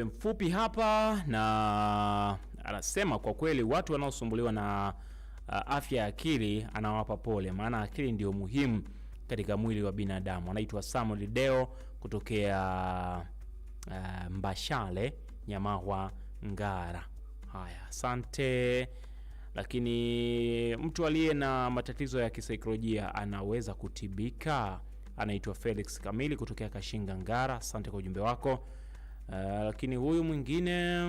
Mfupi hapa na anasema kwa kweli watu wanaosumbuliwa na uh, afya ya akili anawapa pole, maana akili ndio muhimu katika mwili wa binadamu. Anaitwa Samuel Deo kutokea uh, Mbashale Nyamahwa Ngara. Haya, asante. Lakini mtu aliye na matatizo ya kisaikolojia anaweza kutibika? Anaitwa Felix Kamili kutokea Kashinga Ngara. Asante kwa ujumbe wako. Eh, lakini huyu mwingine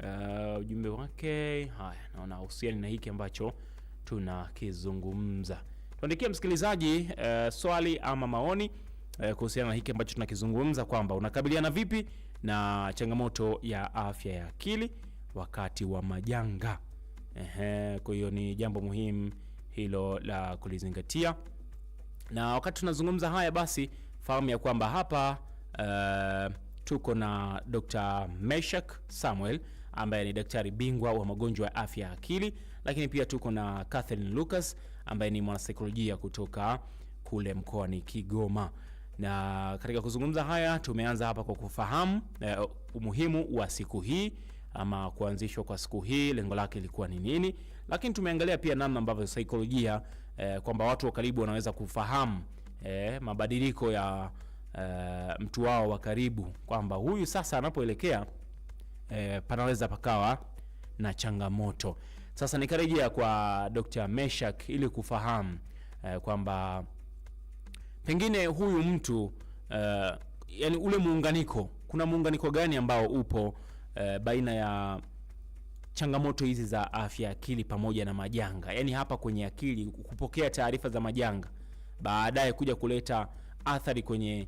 uh, ujumbe wake haya, naona husiani na hiki ambacho tunakizungumza. Tuandikie msikilizaji uh, swali ama maoni uh, kuhusiana na hiki ambacho tunakizungumza kwamba unakabiliana vipi na changamoto ya afya ya akili wakati wa majanga. Ehe, kwa hiyo ni jambo muhimu hilo la kulizingatia, na wakati tunazungumza haya, basi fahamu ya kwamba hapa uh, tuko na Dr. Meshak Samuel ambaye ni daktari bingwa wa magonjwa ya afya ya akili, lakini pia tuko na Catherine Lucas ambaye ni mwanasaikolojia kutoka kule mkoani Kigoma. Na katika kuzungumza haya tumeanza hapa kwa kufahamu eh, umuhimu wa siku hii ama kuanzishwa kwa siku hii, lengo lake lilikuwa ni nini, lakini tumeangalia pia namna ambavyo saikolojia eh, kwamba watu wa karibu wanaweza kufahamu eh, mabadiliko ya Eh, mtu wao wa karibu kwamba huyu sasa anapoelekea eh, panaweza pakawa na changamoto. Sasa nikarejea kwa Dr. Meshak ili kufahamu eh, kwamba pengine huyu mtu eh, yani ule muunganiko, kuna muunganiko gani ambao upo eh, baina ya changamoto hizi za afya akili pamoja na majanga, yaani hapa kwenye akili kupokea taarifa za majanga baadaye kuja kuleta athari kwenye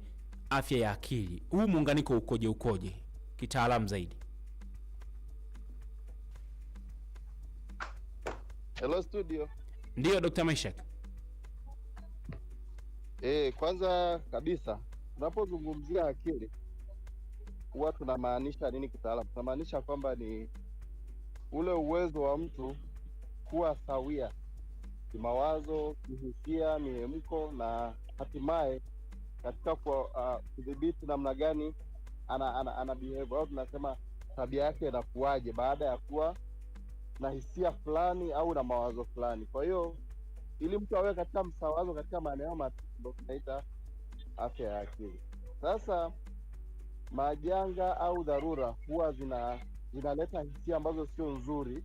afya ya akili. Huu muunganiko ukoje, ukoje kitaalamu zaidi? Hello studio. Ndiyo Dr. Maishak. E, kwanza kabisa tunapozungumzia akili huwa tunamaanisha nini kitaalamu? Tunamaanisha kwamba ni ule uwezo wa mtu kuwa sawia kimawazo, kihisia, mihemko na hatimaye katika uh, kudhibiti uh, namna gani ana, ana, ana behave au tunasema tabia yake inakuwaje baada ya kuwa na hisia fulani au na mawazo fulani. Kwa hiyo ili mtu awe katika msawazo katika maeneo matatu, tunaita afya ya akili. Sasa majanga au dharura huwa zina zinaleta hisia ambazo sio nzuri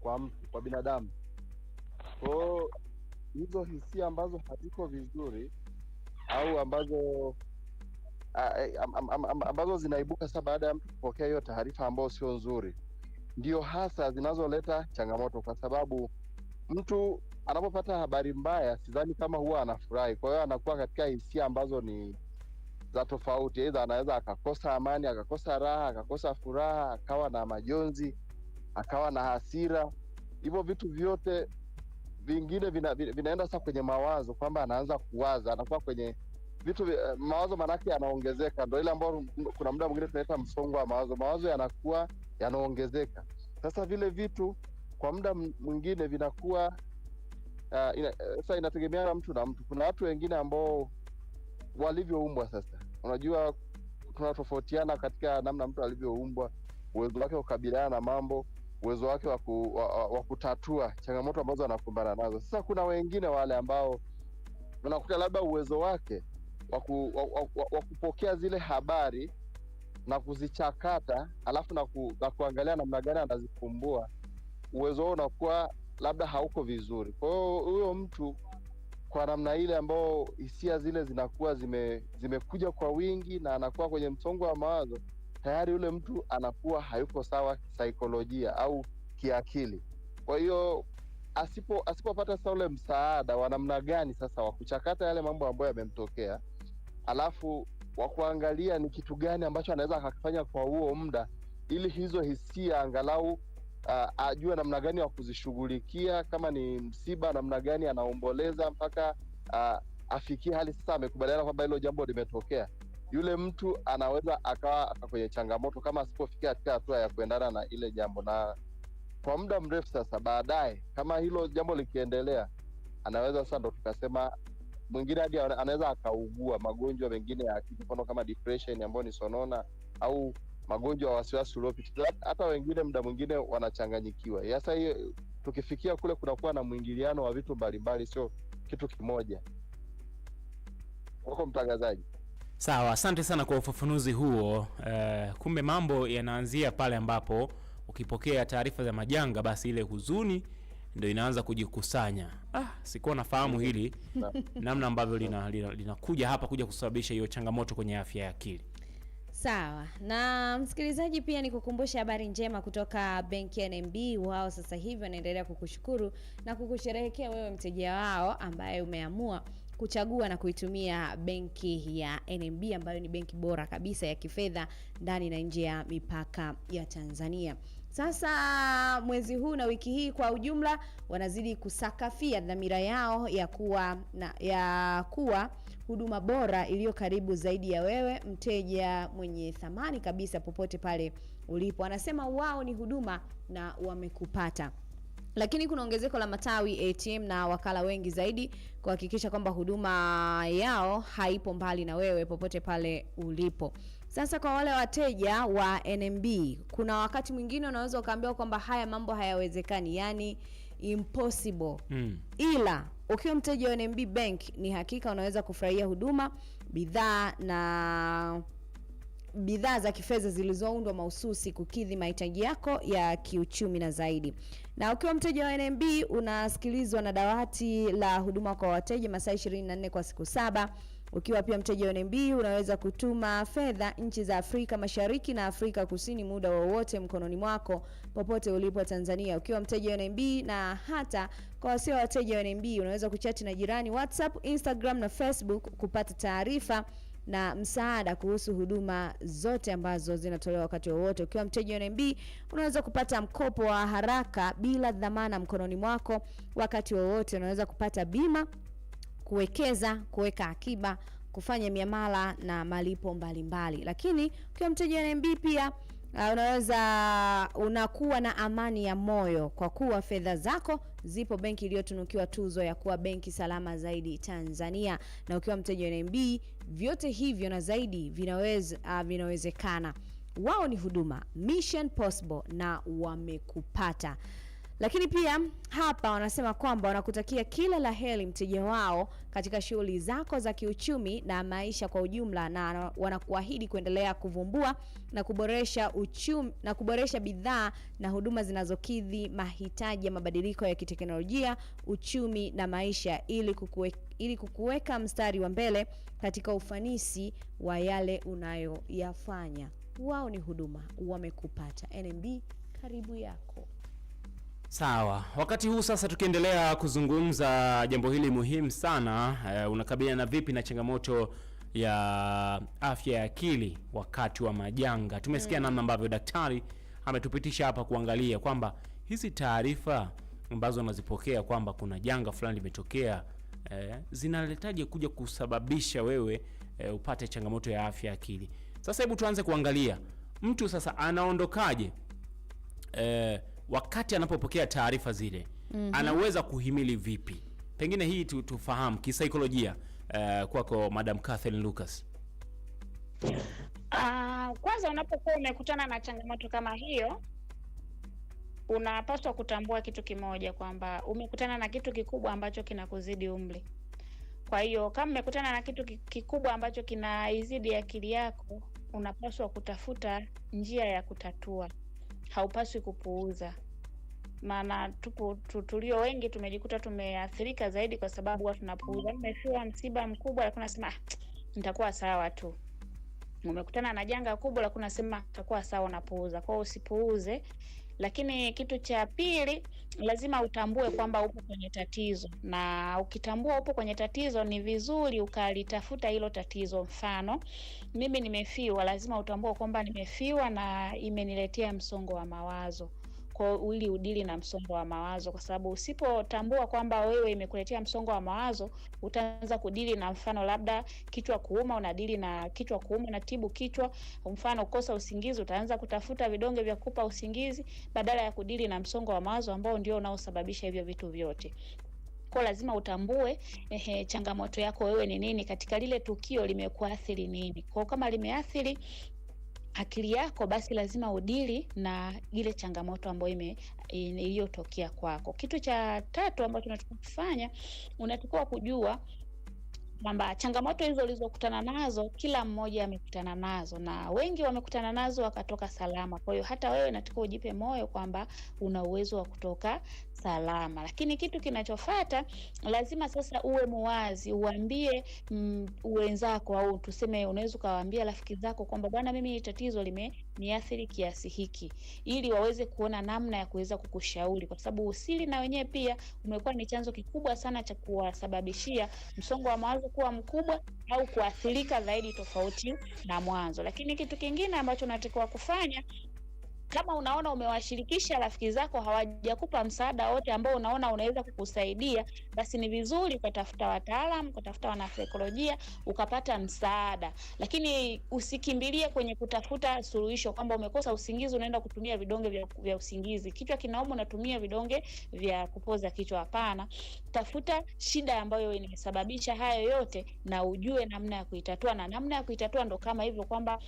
kwa mtu, kwa binadamu. Kwa hizo hisia ambazo haziko vizuri au ambazo ambazo zinaibuka sasa baada ya mtu kupokea hiyo taarifa ambayo sio nzuri, ndio hasa zinazoleta changamoto, kwa sababu mtu anapopata habari mbaya, sidhani kama huwa anafurahi. Kwa hiyo anakuwa katika hisia ambazo ni za tofauti, aidha anaweza akakosa amani, akakosa raha, akakosa furaha, akawa na majonzi, akawa na hasira. Hivyo vitu vyote vingine vina, vinaenda sasa kwenye mawazo kwamba anaanza kuwaza, anakuwa kwenye vitu eh, mawazo, manake yanaongezeka. Ndo ile ambayo kuna muda mwingine tunaita msongo wa mawazo. Mawazo yanakuwa yanaongezeka. Sasa vile vitu kwa muda mwingine vinakuwa uh, ina, eh, sasa inategemeana na mtu na mtu. Kuna watu wengine ambao walivyoumbwa, sasa unajua tunatofautiana katika namna mtu alivyoumbwa, uwezo wake kukabiliana na mambo uwezo wake wa waku, kutatua changamoto ambazo anakumbana nazo. Sasa kuna wengine wale ambao unakuta labda uwezo wake wa kupokea zile habari na kuzichakata alafu na, ku, na kuangalia namna gani anazifumbua, uwezo wao unakuwa labda hauko vizuri. Kwa hiyo huyo mtu kwa namna ile ambao hisia zile zinakuwa zime, zimekuja kwa wingi na anakuwa kwenye msongo wa mawazo tayari yule mtu anakuwa hayuko sawa saikolojia au kiakili. Kwa hiyo asipo asipopata sasa ule msaada wa namna gani sasa wa kuchakata yale mambo ambayo yamemtokea, alafu wa kuangalia ni kitu gani ambacho anaweza akakifanya kwa huo muda, ili hizo hisia angalau Uh, ajue namna gani wa kuzishughulikia. Kama ni msiba, namna gani anaomboleza mpaka uh, afikie hali sasa amekubaliana kwamba hilo jambo limetokea yule mtu anaweza akawa kwenye changamoto kama asipofikia katika hatua ya kuendana na ile jambo, na kwa muda mrefu sasa, baadaye kama hilo jambo likiendelea, anaweza sasa ndo tukasema mwingine hadi anaweza akaugua magonjwa mengine ya akili, mfano kama depression ambayo ni sonona au magonjwa ya wasiwasi uliopita. Hata wengine muda mwingine wanachanganyikiwa. Sasa hiyo tukifikia kule, kunakuwa na mwingiliano wa vitu mbalimbali, sio kitu kimoja. Wako mtangazaji Sawa, asante sana kwa ufafanuzi huo. eh, kumbe mambo yanaanzia pale ambapo ukipokea taarifa za majanga, basi ile huzuni ndio inaanza kujikusanya. Ah, sikuwa nafahamu mm. hili namna ambavyo linakuja lina, lina hapa kuja kusababisha hiyo changamoto kwenye afya ya akili. Sawa na msikilizaji, pia ni kukumbusha habari njema kutoka benki ya NMB. Wao sasa hivi wanaendelea kukushukuru na kukusherehekea wewe mteja wao ambaye umeamua kuchagua na kuitumia benki ya NMB ambayo ni benki bora kabisa ya kifedha ndani na nje ya mipaka ya Tanzania. Sasa mwezi huu na wiki hii kwa ujumla wanazidi kusakafia dhamira yao ya kuwa na, ya kuwa huduma bora iliyo karibu zaidi ya wewe mteja mwenye thamani kabisa popote pale ulipo. Anasema wao ni huduma na wamekupata. Lakini kuna ongezeko la matawi ATM na wakala wengi zaidi kuhakikisha kwamba huduma yao haipo mbali na wewe popote pale ulipo. Sasa kwa wale wateja wa NMB, kuna wakati mwingine unaweza ukaambiwa kwamba haya mambo hayawezekani, yani impossible hmm. Ila ukiwa mteja wa NMB Bank ni hakika unaweza kufurahia huduma, bidhaa na bidhaa za kifedha zilizoundwa mahususi kukidhi mahitaji yako ya kiuchumi na zaidi. Na ukiwa mteja wa NMB unasikilizwa na dawati la huduma kwa wateja masaa 24 kwa siku saba. Ukiwa pia mteja wa NMB unaweza kutuma fedha nchi za Afrika Mashariki na Afrika Kusini muda wowote mkononi mwako popote ulipo Tanzania. Ukiwa mteja wa NMB na hata kwa wasio wateja wa NMB unaweza kuchati na jirani WhatsApp, Instagram na Facebook kupata taarifa na msaada kuhusu huduma zote ambazo zinatolewa wakati wowote. Ukiwa mteja wa NMB unaweza kupata mkopo wa haraka bila dhamana mkononi mwako wakati wowote. Unaweza kupata bima, kuwekeza, kuweka akiba, kufanya miamala na malipo mbalimbali mbali. Lakini ukiwa mteja wa NMB pia Uh, unaweza unakuwa na amani ya moyo kwa kuwa fedha zako zipo benki iliyotunukiwa tuzo ya kuwa benki salama zaidi Tanzania. Na ukiwa mteja wa NMB Vyote hivyo na zaidi vinaweza uh, vinawezekana. Wao ni huduma Mission Possible na wamekupata. Lakini pia hapa wanasema kwamba wanakutakia kila la heri mteja wao katika shughuli zako za kiuchumi na maisha kwa ujumla, na wanakuahidi kuendelea kuvumbua na kuboresha uchumi, na kuboresha bidhaa na huduma zinazokidhi mahitaji ya mabadiliko ya kiteknolojia, uchumi na maisha ili kukuweka ili kukuweka mstari wa mbele katika ufanisi wa yale unayoyafanya. Wao ni huduma, wamekupata. NMB karibu yako. Sawa, wakati huu sasa tukiendelea kuzungumza jambo hili muhimu sana e, unakabiliana vipi na changamoto ya afya ya akili wakati wa majanga? Tumesikia mm, namna ambavyo daktari ametupitisha hapa kuangalia kwamba hizi taarifa ambazo unazipokea kwamba kuna janga fulani limetokea eh, zinaletaje kuja kusababisha wewe eh, upate changamoto ya afya ya akili. Sasa hebu tuanze kuangalia mtu sasa anaondokaje eh, wakati anapopokea taarifa zile mm -hmm. Anaweza kuhimili vipi? Pengine hii tu, tufahamu kisaikolojia eh, kwako kwa Madam Kathleen Lucas. Uh, kwanza unapokuwa umekutana na changamoto kama hiyo unapaswa kutambua kitu kimoja kwamba umekutana na kitu kikubwa ambacho kinakuzidi umri. Kwa hiyo kama umekutana na kitu kikubwa ambacho kinaizidi akili yako, unapaswa kutafuta njia ya kutatua, haupaswi kupuuza. Maana tulio wengi tumejikuta tumeathirika zaidi kwa sababu huwa tunapuuza. Umefiwa msiba mkubwa, lakini unasema ah, nitakuwa sawa tu. Umekutana na janga kubwa, lakini unasema nitakuwa sawa, unapuuza. Kwa hiyo usipuuze lakini kitu cha pili, lazima utambue kwamba upo kwenye tatizo, na ukitambua upo kwenye tatizo, ni vizuri ukalitafuta hilo tatizo. Mfano, mimi nimefiwa, lazima utambue kwamba nimefiwa na imeniletea msongo wa mawazo kwa ili udili na msongo wa mawazo, kwa sababu usipotambua kwamba wewe imekuletea msongo wa mawazo, utaanza kudili na mfano labda kichwa kuuma, unadili na kichwa kuuma, unatibu kichwa. Mfano kosa usingizi, utaanza kutafuta vidonge vya kupa usingizi badala ya kudili na msongo wa mawazo ambao ndio unaosababisha hivyo vitu vyote. Kwa lazima utambue ehe, changamoto yako wewe ni nini, katika lile tukio limekuathiri nini. Kwa kama limeathiri akili yako, basi lazima udili na ile changamoto ambayo iliyotokea kwako. Kitu cha tatu ambacho unatakiwa kufanya, unatakiwa kujua kwamba changamoto hizo ulizokutana nazo kila mmoja amekutana nazo, na wengi wamekutana nazo wakatoka salama. Kwa hiyo hata wewe unatakiwa ujipe moyo kwamba una uwezo wa kutoka salama. Lakini kitu kinachofata lazima sasa uwe muwazi, uambie mm, wenzako, au tuseme unaweza ukawaambia rafiki zako kwamba bwana, mimi tatizo limeniathiri kiasi hiki, ili waweze kuona namna ya kuweza kukushauri, kwa sababu usili na wenyewe pia umekuwa ni chanzo kikubwa sana cha kuwasababishia msongo wa mawazo kuwa mkubwa au kuathirika zaidi, tofauti na mwanzo. Lakini kitu kingine ambacho unatakiwa kufanya kama unaona umewashirikisha rafiki zako hawajakupa msaada wote ambao unaona unaweza kukusaidia, basi ni vizuri ukatafuta wataalamu, ukatafuta wanasaikolojia ukapata msaada, lakini usikimbilie kwenye kutafuta suluhisho kwamba umekosa usingizi unaenda kutumia vidonge vya, vya usingizi, kichwa kinauma unatumia vidonge vya kupoza kichwa. Hapana, tafuta shida ambayo inasababisha hayo yote na ujue namna ya kuitatua, na namna ya kuitatua ndo kama hivyo kwamba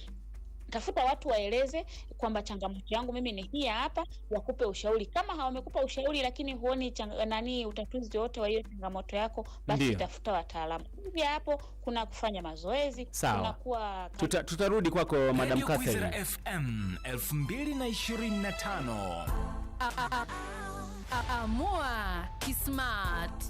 tafuta watu waeleze kwamba changamoto yangu mimi ni hii hapa, wakupe ushauri. Kama hawamekupa ushauri lakini huoni nani utatuzi wote wa hiyo changamoto yako, basi tafuta wataalamu hivya hapo. Kuna kufanya mazoezi, kunakuwa tuta, tutarudi kwako Madam Catherine. FM 2025 amua kismat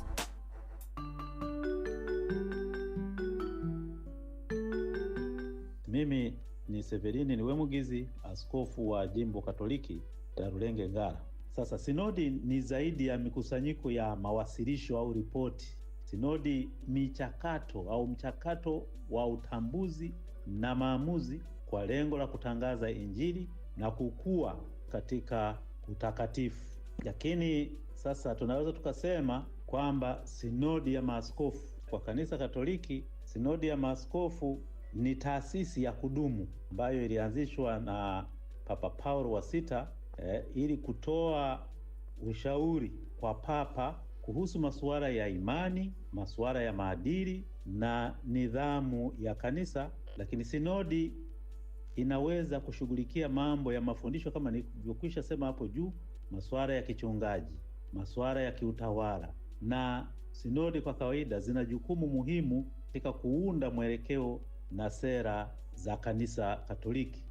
mimi ni Severini Niwemugizi, askofu wa jimbo Katoliki Tarulenge Ngara. Sasa sinodi ni zaidi ya mikusanyiko ya mawasilisho au ripoti. Sinodi michakato au mchakato wa utambuzi na maamuzi kwa lengo la kutangaza Injili na kukua katika utakatifu. Lakini sasa tunaweza tukasema kwamba sinodi ya maaskofu kwa kanisa Katoliki, sinodi ya maaskofu ni taasisi ya kudumu ambayo ilianzishwa na Papa Paulo wa sita eh, ili kutoa ushauri kwa papa kuhusu masuala ya imani, masuala ya maadili na nidhamu ya kanisa. Lakini sinodi inaweza kushughulikia mambo ya mafundisho kama nilivyokwisha sema hapo juu, masuala ya kichungaji, masuala ya kiutawala, na sinodi kwa kawaida zina jukumu muhimu katika kuunda mwelekeo na sera za Kanisa Katoliki.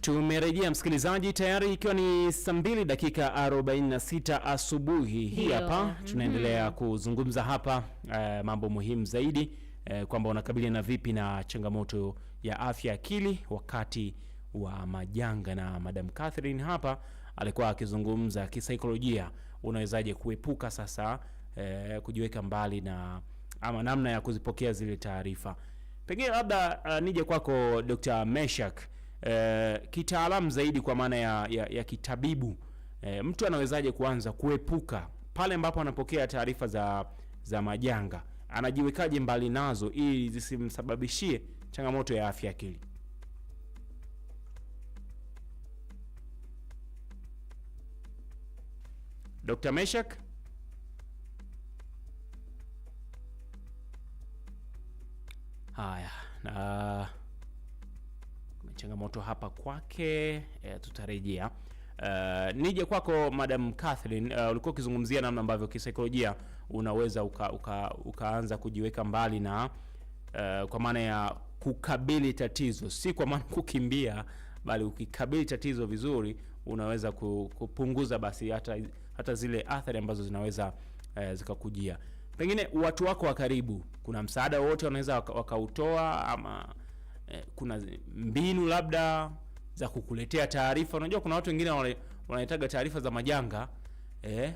Tumerejea msikilizaji, tayari ikiwa ni saa 2 dakika 46 asubuhi hii hapa. mm -hmm. Tunaendelea kuzungumza hapa uh, mambo muhimu zaidi uh, kwamba unakabiliana vipi na changamoto ya afya akili wakati wa majanga, na Madam Catherine hapa alikuwa akizungumza kisaikolojia, unawezaje kuepuka sasa e, kujiweka mbali na ama namna ya kuzipokea zile taarifa. Pengine labda uh, nije kwako Dr. Meshak e, eh, kitaalamu zaidi kwa maana ya, ya, ya kitabibu e, mtu anawezaje kuanza kuepuka pale ambapo anapokea taarifa za za majanga, anajiwekaje mbali nazo ili zisimsababishie changamoto ya afya akili? Dr. Meshak haya na changamoto hapa kwake e, tutarejea Uh, nije kwako Madam Kathleen, uh, eh, ulikuwa ukizungumzia namna ambavyo kisaikolojia unaweza uka, uka, ukaanza kujiweka mbali na uh, kwa maana ya kukabili tatizo, si kwa maana kukimbia, bali ukikabili tatizo vizuri unaweza kupunguza basi hata hata zile athari ambazo zinaweza e, zikakujia. Pengine watu wako wa karibu, kuna msaada wote wanaweza wakautoa ama e, kuna mbinu labda za kukuletea taarifa. Unajua kuna watu wengine wanahitaga taarifa za majanga eh,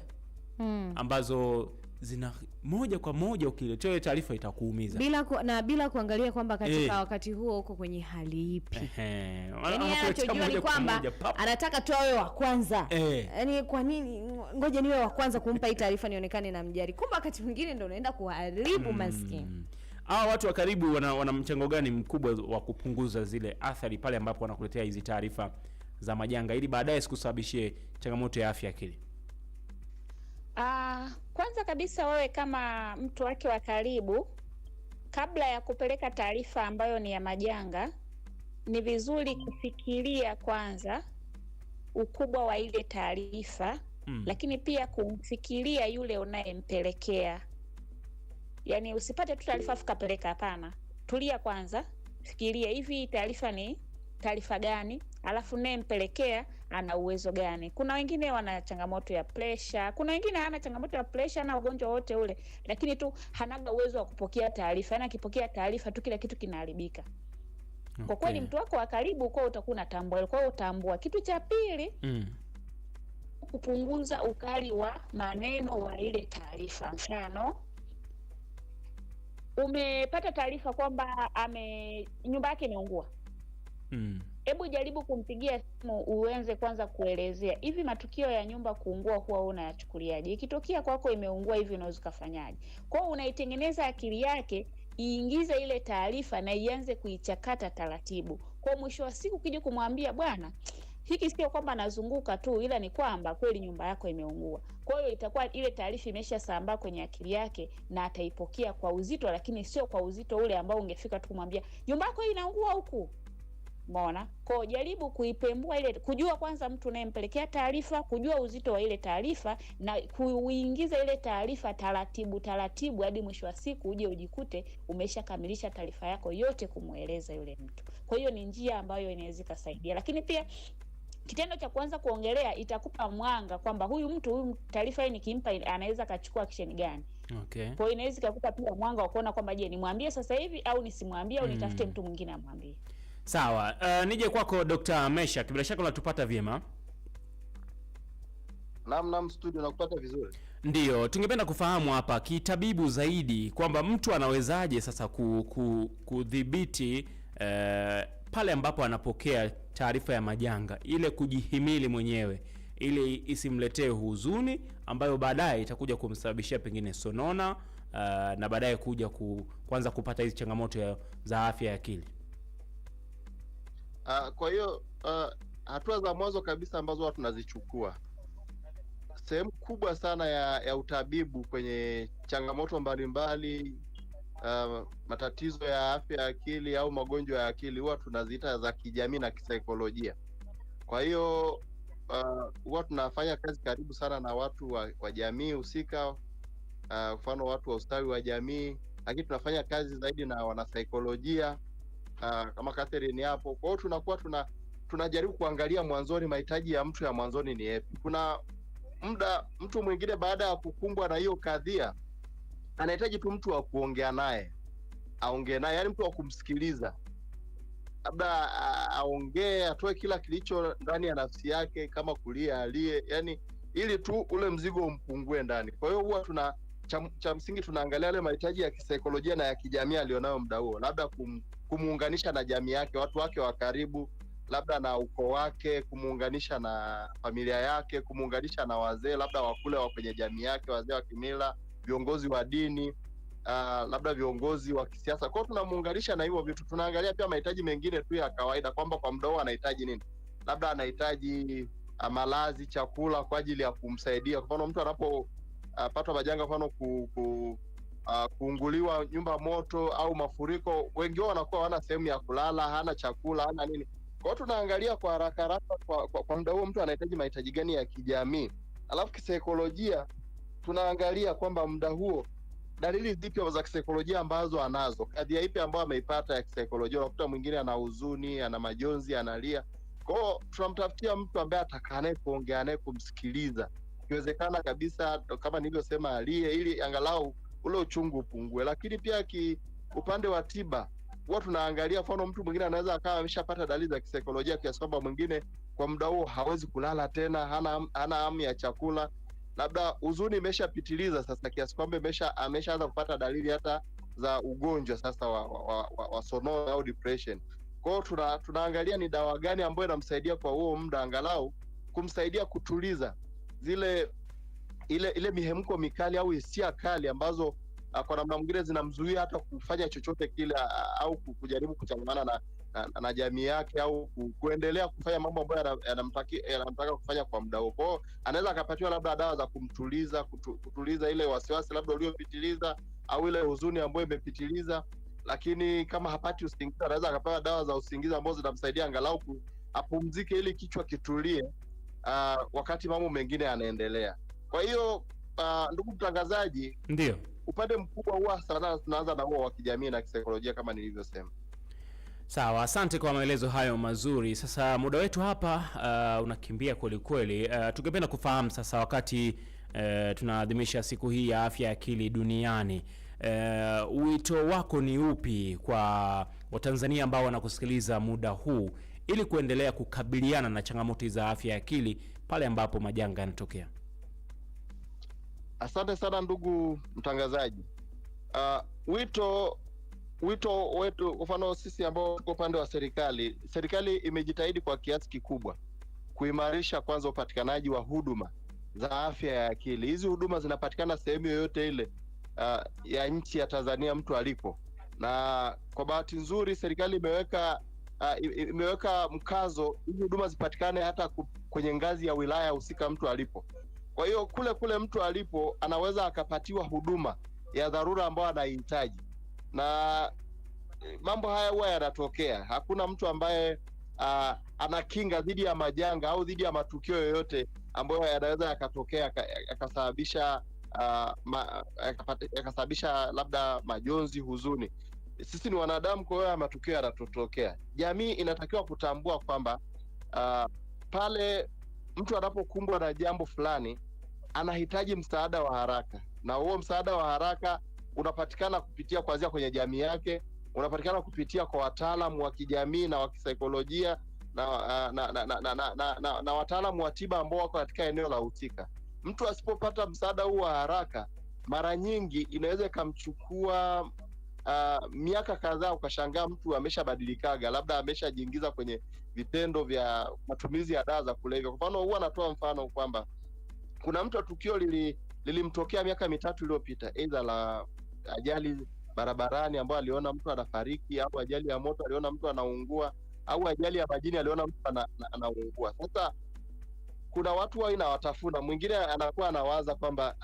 mm. ambazo zina moja kwa moja, ukiletewa taarifa itakuumiza bila ku, na bila kuangalia kwamba katika e, wakati huo uko kwenye hali ipi. Yani anachojua ni kwamba anataka tu awe wa kwanza e. Eh. Yani kwa nini ngoja niwe wa kwanza kumpa hii taarifa nionekane na mjari, kumbe wakati mwingine ndio unaenda kuharibu mm. maskini Hawa watu wa karibu wana, wana mchango gani mkubwa wa kupunguza zile athari pale ambapo wanakuletea hizi taarifa za majanga ili baadaye sikusababishie changamoto ya afya akili? Uh, kwanza kabisa wewe kama mtu wake wa karibu, kabla ya kupeleka taarifa ambayo ni ya majanga, ni vizuri kufikiria kwanza ukubwa wa ile taarifa mm. Lakini pia kumfikiria yule unayempelekea, yaani usipate tu taarifa afu kapeleka. Hapana, tulia kwanza, fikiria hivi, taarifa ni taarifa gani, alafu unayempelekea ana uwezo gani. Kuna wengine wana changamoto ya presha, kuna wengine hana changamoto ya presha na ugonjwa wote ule, lakini tu hanaga uwezo wa kupokea taarifa, yaani akipokea taarifa tu kila kitu kinaharibika. Okay. Kwa kweli mtu wako wa karibu kwa utakuwa unatambua, kwa utambua. Kitu cha pili mm. kupunguza ukali wa maneno wa ile taarifa, mfano umepata taarifa kwamba ame nyumba yake imeungua mm. Hebu jaribu kumpigia simu uanze kwanza kuelezea hivi, matukio ya nyumba kuungua huwa unayachukuliaje? Ikitokea kwako imeungua hivi, unaweza ukafanyaje? Kwao unaitengeneza akili yake iingize ile taarifa na ianze kuichakata taratibu. Kwa mwisho wa siku kija kumwambia bwana, hiki sio kwamba nazunguka tu, ila ni kwamba kweli nyumba yako imeungua. Kwa hiyo itakuwa ile taarifa imeshasambaa kwenye akili yake na ataipokea kwa uzito, lakini sio kwa uzito ule ambao ungefika tu kumwambia nyumba yako inaungua huku. Umeona? Kwa jaribu kuipembua ile, kujua kwanza mtu unayempelekea taarifa, kujua uzito wa ile taarifa na kuingiza ile taarifa taratibu taratibu, hadi mwisho wa siku uje ujikute umeshakamilisha taarifa yako yote kumweleza yule mtu. Kwa hiyo ni njia ambayo inaweza kusaidia, lakini pia kitendo cha kuanza kuongelea itakupa mwanga kwamba huyu mtu huyu, taarifa hii nikimpa anaweza akachukua action gani? Okay. Kwa hiyo inaweza ikakupa pia mwanga wa kuona kwamba je, nimwambie sasa hivi au nisimwambie, au mm. nitafute mtu mwingine amwambie. Sawa, uh, nije kwako Dr. mesha bila shaka unatupata vyema. Naam, naam, studio nakupata vizuri. Ndiyo, tungependa kufahamu hapa kitabibu zaidi kwamba mtu anawezaje sasa kudhibiti eh, pale ambapo anapokea taarifa ya majanga, ile kujihimili mwenyewe ili isimletee huzuni ambayo baadaye itakuja kumsababishia pengine sonona, uh, na baadaye kuja ku, kuanza kupata hizi changamoto za afya ya akili. Uh, kwa hiyo uh, hatua za mwanzo kabisa ambazo watu tunazichukua sehemu kubwa sana ya, ya utabibu kwenye changamoto mbalimbali uh, matatizo ya afya ya akili au magonjwa ya akili huwa tunaziita za kijamii na kisaikolojia. Kwa hiyo huwa uh, tunafanya kazi karibu sana na watu wa, wa jamii husika, mfano uh, watu wa ustawi wa jamii, lakini tunafanya kazi zaidi na wanasaikolojia uh, kama Catherine hapo. Kwa hiyo tunakuwa tuna tunajaribu kuangalia mwanzoni, mahitaji ya mtu ya mwanzoni ni yapi. Kuna muda mtu mwingine baada ya kukumbwa na hiyo kadhia anahitaji tu mtu wa kuongea naye, aongee naye, yaani mtu wa kumsikiliza, labda aongee, atoe kila kilicho ndani ya nafsi yake, kama kulia alie, yani ili tu ule mzigo umpungue ndani. Kwa hiyo huwa tuna cha, cha msingi tunaangalia yale mahitaji ya kisaikolojia na ya kijamii alionayo muda huo, labda kum kumuunganisha na jamii yake, watu wake wa karibu, labda na ukoo wake, kumuunganisha na familia yake, kumuunganisha na wazee labda wakule wa kwenye jamii yake, wazee wa kimila, viongozi wa dini, uh, labda viongozi wa kisiasa. Kwao tunamuunganisha na hivyo vitu, tunaangalia pia mahitaji mengine tu ya kawaida, kwamba kwa mdau anahitaji nini, labda anahitaji ah, malazi, chakula kwa ajili ya kumsaidia. Kwa mfano mtu anapopatwa uh, majanga, kwa mfano ku, ku uh, kuunguliwa nyumba moto au mafuriko, wengi wao wanakuwa hawana sehemu ya kulala, hana chakula, hana nini. Kwa hiyo tunaangalia kwa haraka haraka kwa, kwa, kwa muda huo mtu anahitaji mahitaji gani ya kijamii, alafu kisaikolojia tunaangalia kwamba muda huo dalili zipi za kisaikolojia ambazo anazo, kadhia ipi ambayo ameipata ya kisaikolojia. Unakuta mwingine ana huzuni, ana majonzi, analia. Kwa hiyo tunamtafutia mtu ambaye atakaa naye, kuongea naye, kumsikiliza, ikiwezekana kabisa, kama nilivyosema, alie, ili angalau ule uchungu upungue. Lakini pia ki, upande wa tiba huwa tunaangalia, mfano mtu mwingine anaweza akawa ameshapata dalili za kisaikolojia kiasi kwamba mwingine kwa muda huo hawezi kulala tena, hana, hamu ya chakula, labda huzuni imeshapitiliza sasa kiasi kwamba imesha ameshaanza kupata dalili hata za ugonjwa sasa wa, wa, wa, wa sonona au depression. tuna, tunaangalia ni dawa gani ambayo inamsaidia kwa huo muda angalau kumsaidia kutuliza zile ile ile mihemko mikali au hisia kali ambazo ah, kwa namna mwingine zinamzuia hata kufanya chochote kile ah, au kujaribu kuchangamana na, na, na jamii yake au kuendelea kufanya mambo ambayo yanamtaka kufanya kwa muda huo. anaweza akapatiwa labda dawa za kumtuliza kutu, kutuliza ile wasiwasi labda uliopitiliza au ile huzuni ambayo imepitiliza, lakini kama hapati usingizi, anaweza akapewa dawa za usingizi ambazo zinamsaidia angalau apumzike ili kichwa kitulie, uh, wakati mambo mengine yanaendelea. Kwa hiyo uh, ndugu mtangazaji, ndio upande mkubwa huwa sana tunaanza na huo wa kijamii na kisaikolojia kama nilivyosema. Sawa, asante kwa maelezo hayo mazuri. Sasa muda wetu hapa uh, unakimbia kweli kweli. Uh, tungependa kufahamu sasa, wakati uh, tunaadhimisha siku hii ya afya ya akili duniani, uh, wito wako ni upi kwa Watanzania ambao wanakusikiliza muda huu ili kuendelea kukabiliana na changamoto za afya ya akili pale ambapo majanga yanatokea? Asante sana ndugu mtangazaji. Uh, wito wito wetu, kwa mfano sisi ambao tuko upande wa serikali, serikali imejitahidi kwa kiasi kikubwa kuimarisha kwanza upatikanaji wa huduma za afya ya akili. Hizi huduma zinapatikana sehemu yoyote ile uh, ya nchi ya Tanzania mtu alipo, na kwa bahati nzuri serikali imeweka uh, imeweka mkazo hizi huduma zipatikane hata kwenye ngazi ya wilaya husika mtu alipo. Kwa hiyo kule kule mtu alipo anaweza akapatiwa huduma ya dharura ambayo anahitaji, na eh, mambo haya huwa yanatokea. Hakuna mtu ambaye uh, ana kinga dhidi ya majanga au dhidi ya matukio yoyote ambayo yanaweza yakatokea yakasababisha uh, yakasababisha labda majonzi, huzuni. Sisi ni wanadamu, kwa hiyo haya matukio yanatotokea. Jamii inatakiwa kutambua kwamba uh, pale mtu anapokumbwa na jambo fulani anahitaji msaada wa haraka, na huo msaada wa haraka unapatikana kupitia kuanzia kwenye jamii yake, unapatikana kupitia kwa wataalamu wa kijamii na wa kisaikolojia na, na, ah, na, na, na, na, na, na, na wataalamu wa tiba ambao wako katika eneo la husika. Mtu asipopata msaada huu wa haraka, mara nyingi inaweza ikamchukua uh, miaka kadhaa ukashangaa mtu ameshabadilikaga, labda ameshajiingiza kwenye vitendo vya matumizi ya dawa za kulevya. Kwa mfano, huwa anatoa mfano kwamba kuna mtu tukio lili lilimtokea miaka mitatu iliyopita, aidha la ajali barabarani ambayo aliona mtu anafariki, au ajali ya moto aliona mtu anaungua, au ajali ya majini aliona mtu anaungua. Sasa kuna watu wao inawatafuna, mwingine anakuwa anawaza kwamba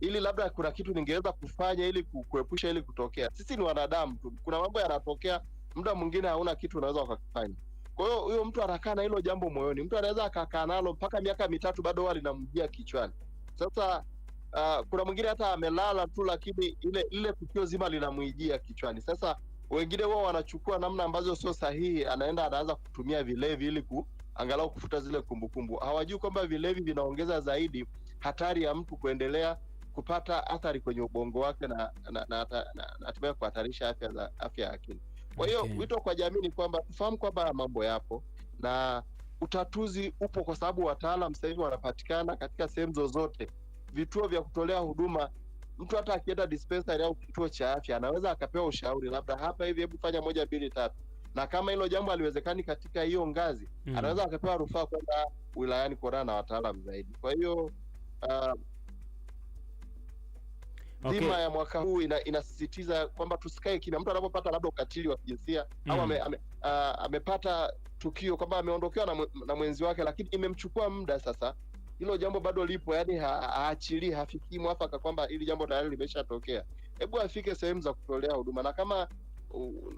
ili labda kuna kitu ningeweza kufanya ili kuepusha ili kutokea. Sisi ni wanadamu tu, kuna mambo yanatokea muda mwingine, hauna kitu unaweza ukakifanya. Kwa hiyo huyo mtu anakaa na hilo jambo moyoni, mtu anaweza akakaa nalo mpaka miaka mitatu bado huwa linamjia kichwani. Sasa uh, kuna mwingine hata amelala tu, lakini ile ile tukio zima linamwijia kichwani. Sasa wengine wao wanachukua namna ambazo sio sahihi, anaenda anaanza kutumia vilevi ili ku angalau kufuta zile kumbukumbu. Hawajui kwamba vilevi vinaongeza zaidi hatari ya mtu kuendelea kupata athari kwenye ubongo wake na hatimaye kuhatarisha afya za afya ya akili. Kwa hiyo okay, wito kwa jamii ni kwamba tufahamu kwamba mambo yapo na utatuzi upo, kwa sababu wataalam sasa hivi wanapatikana katika sehemu zozote, vituo vya kutolea huduma. Mtu hata akienda dispensary au kituo cha afya anaweza akapewa ushauri, labda hapa hivi, hebu fanya moja mbili tatu, na kama hilo jambo haliwezekani katika hiyo ngazi mm, anaweza akapewa rufaa kwenda wilayani kuonana na wataalam zaidi. Kwa hiyo uh, dhima okay, ya mwaka huu ina, inasisitiza kwamba tusikae kimya. Mtu anapopata labda ukatili wa kijinsia mm, au ame, ame, uh, amepata tukio kwamba ameondokewa na, na mwenzi wake, lakini imemchukua muda sasa hilo jambo bado lipo, yani haachilii, hafikii mwafaka kwamba hili jambo tayari limeshatokea. Hebu afike sehemu za kutolea huduma, na kama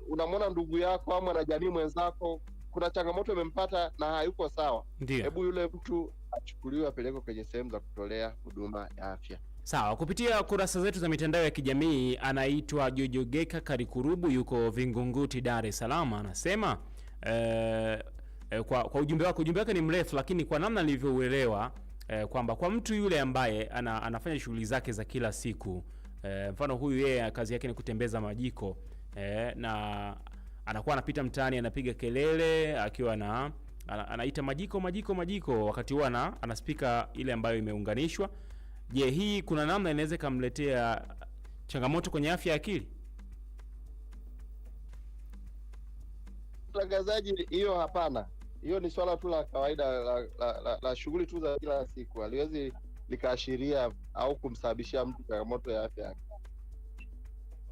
unamwona ndugu yako au mwanajamii mwenzako kuna changamoto imempata na hayuko sawa, hebu yule mtu achukuliwe, apelekwe kwenye sehemu za kutolea huduma ya afya. Sawa, kupitia kurasa zetu za mitandao ya kijamii anaitwa Jojogeka Karikurubu, yuko Vingunguti, Dar es Salaam, anasema eh, eh, kwa, kwa ujumbe wake. Ujumbe wake ni mrefu, lakini kwa namna nilivyouelewa eh, kwamba kwa mtu yule ambaye ana, anafanya shughuli zake za kila siku eh, mfano huyu yeye kazi yake ni kutembeza majiko eh, na anakuwa anapita mtaani anapiga kelele akiwa na anaita majiko majiko majiko, wakati huo ana spika ile ambayo imeunganishwa Je, hii kuna namna inaweza ikamletea changamoto kwenye afya ya akili? Mtangazaji, hiyo hapana, hiyo ni swala tu la kawaida la, la, la, la shughuli tu za kila siku, aliwezi likaashiria au kumsababishia mtu changamoto ya afya yake.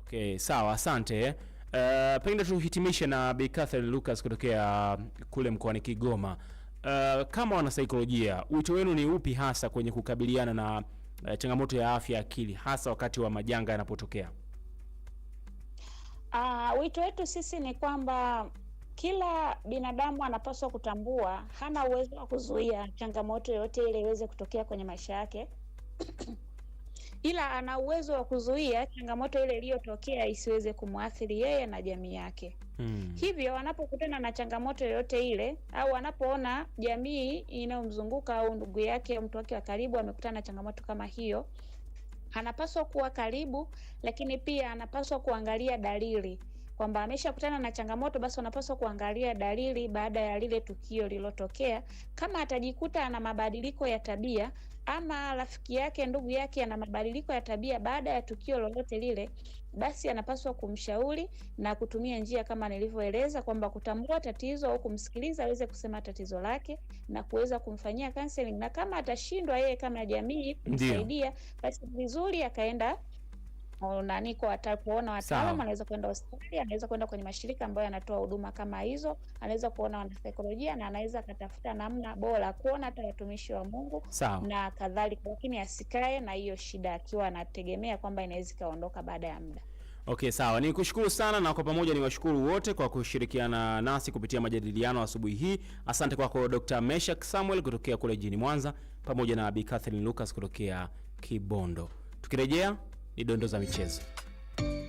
Okay, sawa, asante. Uh, pengine tuhitimishe na Bi Catherine Lucas kutokea kule mkoani Kigoma. Uh, kama wanasaikolojia, wito wenu ni upi hasa kwenye kukabiliana na uh, changamoto ya afya akili hasa wakati wa majanga yanapotokea? Uh, wito wetu sisi ni kwamba kila binadamu anapaswa kutambua hana uwezo wa kuzuia changamoto yoyote ile iweze kutokea kwenye maisha yake ila ana uwezo wa kuzuia changamoto ile iliyotokea isiweze kumwathiri yeye na jamii yake. Hmm. Hivyo anapokutana na changamoto yoyote ile au anapoona jamii inayomzunguka au ndugu yake au mtu wake wa karibu amekutana na changamoto kama hiyo, anapaswa kuwa karibu, lakini pia anapaswa kuangalia dalili kwamba ameshakutana na changamoto, basi anapaswa kuangalia dalili baada ya lile tukio lililotokea. Kama atajikuta ana mabadiliko ya tabia, ama rafiki yake, ndugu yake ana mabadiliko ya tabia baada ya tukio lolote lile, basi anapaswa kumshauri na kutumia njia kama nilivyoeleza kwamba kutambua tatizo au kumsikiliza aweze kusema tatizo lake na kuweza kumfanyia counseling, na kama atashindwa yeye kama jamii kumsaidia, basi vizuri akaenda nani kwa kuona wataalam anaweza kwenda hospitali, anaweza kwenda kwenye mashirika ambayo yanatoa huduma kama hizo, anaweza kuona wanasaikolojia na anaweza akatafuta namna bora kuona hata watumishi wa Mungu Sao. na kadhalika, lakini asikae na hiyo shida akiwa anategemea kwamba inaweza ikaondoka baada ya muda. Okay, sawa. Ni kushukuru sana na kwa pamoja ni washukuru wote kwa kushirikiana nasi kupitia majadiliano asubuhi hii. Asante kwako kwa Dr. Meshak Samuel kutokea kule jijini Mwanza pamoja na Bi Catherine Lucas kutokea Kibondo. Tukirejea ni dondo za michezo.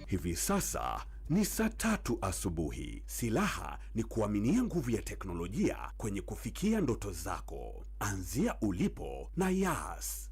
Hivi sasa ni saa tatu asubuhi. Silaha ni kuaminia nguvu ya teknolojia kwenye kufikia ndoto zako. Anzia ulipo na Yas.